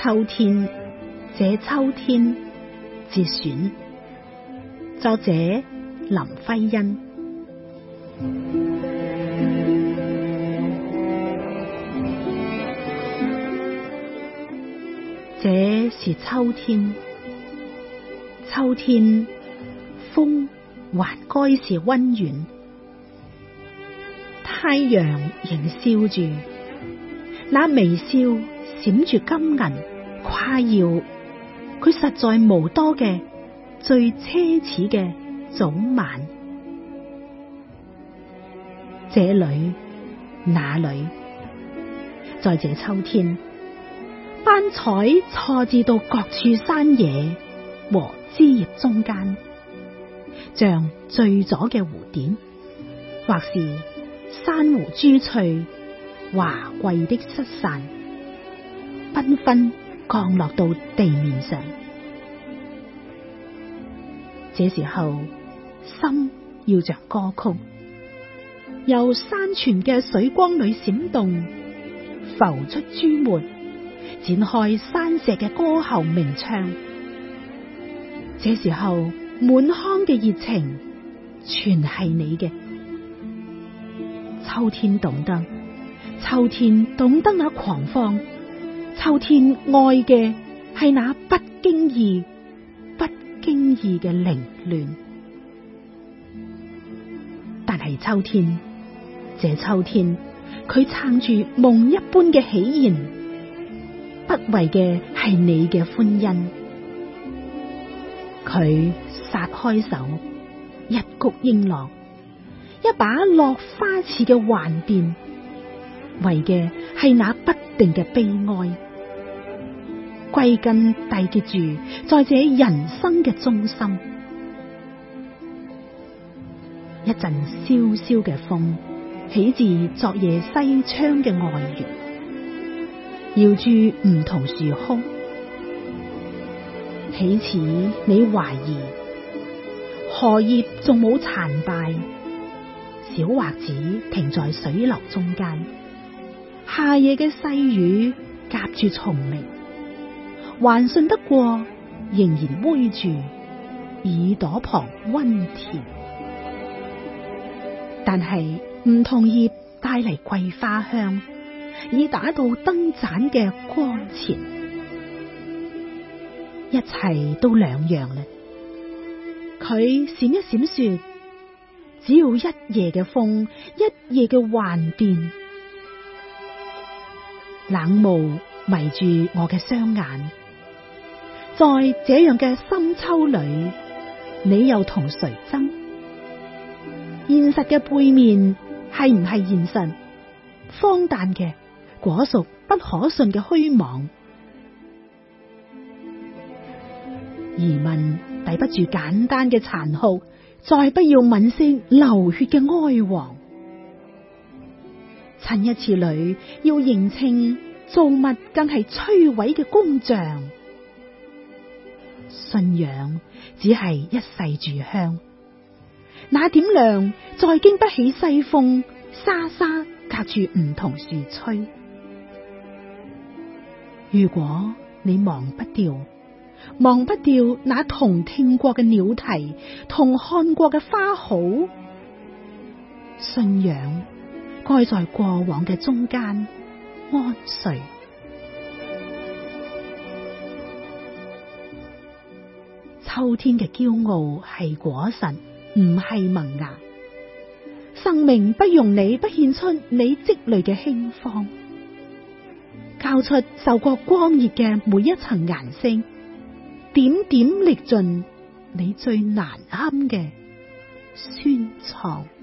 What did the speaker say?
秋天，這秋天節選，作者林徽因。這是秋天，秋天風還該是溫暖，太陽仍笑住，那微笑。閃住金銀，誇耀佢實在無多嘅最奢侈嘅早晚。這裏、那裏，在這秋天，斑彩錯置到各處山野和枝葉中間，像醉咗嘅蝴蝶，或是珊瑚珠翠，華貴的失散。繽紛降落到地面上，這時候心要着歌曲，由山泉嘅水光裏閃動，浮出珠沫，展開山石嘅歌喉鳴唱。這時候滿腔嘅熱情全係你嘅，秋天懂得，秋天懂得那狂放。秋天愛嘅係那不經意、不經意嘅凌亂，但係秋天，這秋天佢撐住夢一般嘅喜筵，不為嘅係你嘅歡欣，佢撒開手，一曲音樂，一把落花似嘅幻變，為嘅係那不。定嘅悲哀，歸根締結住在這人生嘅中心。一陣蕭蕭嘅風，起自昨夜西窗嘅外緣，搖住梧桐樹空。起始你懷疑，荷葉仲冇殘敗，小划子停在水流中間。夏夜嘅細雨夾住蟲鳴，還信得過，仍然偎住耳朵旁溫甜。但係梧桐葉帶嚟桂花香，已打到燈盞嘅光前。一切都兩樣啦。佢閃一閃說：只要一夜嘅風，一夜嘅幻變。冷霧迷住我嘅雙眼，在這樣嘅深秋裏，你又同誰爭？現實嘅背面係唔係現實？荒誕嘅果屬不可信嘅虛妄。疑問抵不住簡單嘅殘酷，再不要泯聲流血嘅哀惶。趁一次旅，要認清造物更係摧毀嘅工匠。信仰只係一世住香，那點亮再經不起西風沙沙隔住梧桐樹吹。如果你忘不掉，忘不掉那同聽過嘅鳥啼，同看過嘅花好，信仰。蓋在過往嘅中間安睡。秋天嘅驕傲係果實，唔係萌芽。生命不容你不獻出你積累嘅馨芳，交出受過光熱嘅每一層顏色，點點瀝盡你最難堪嘅酸愴。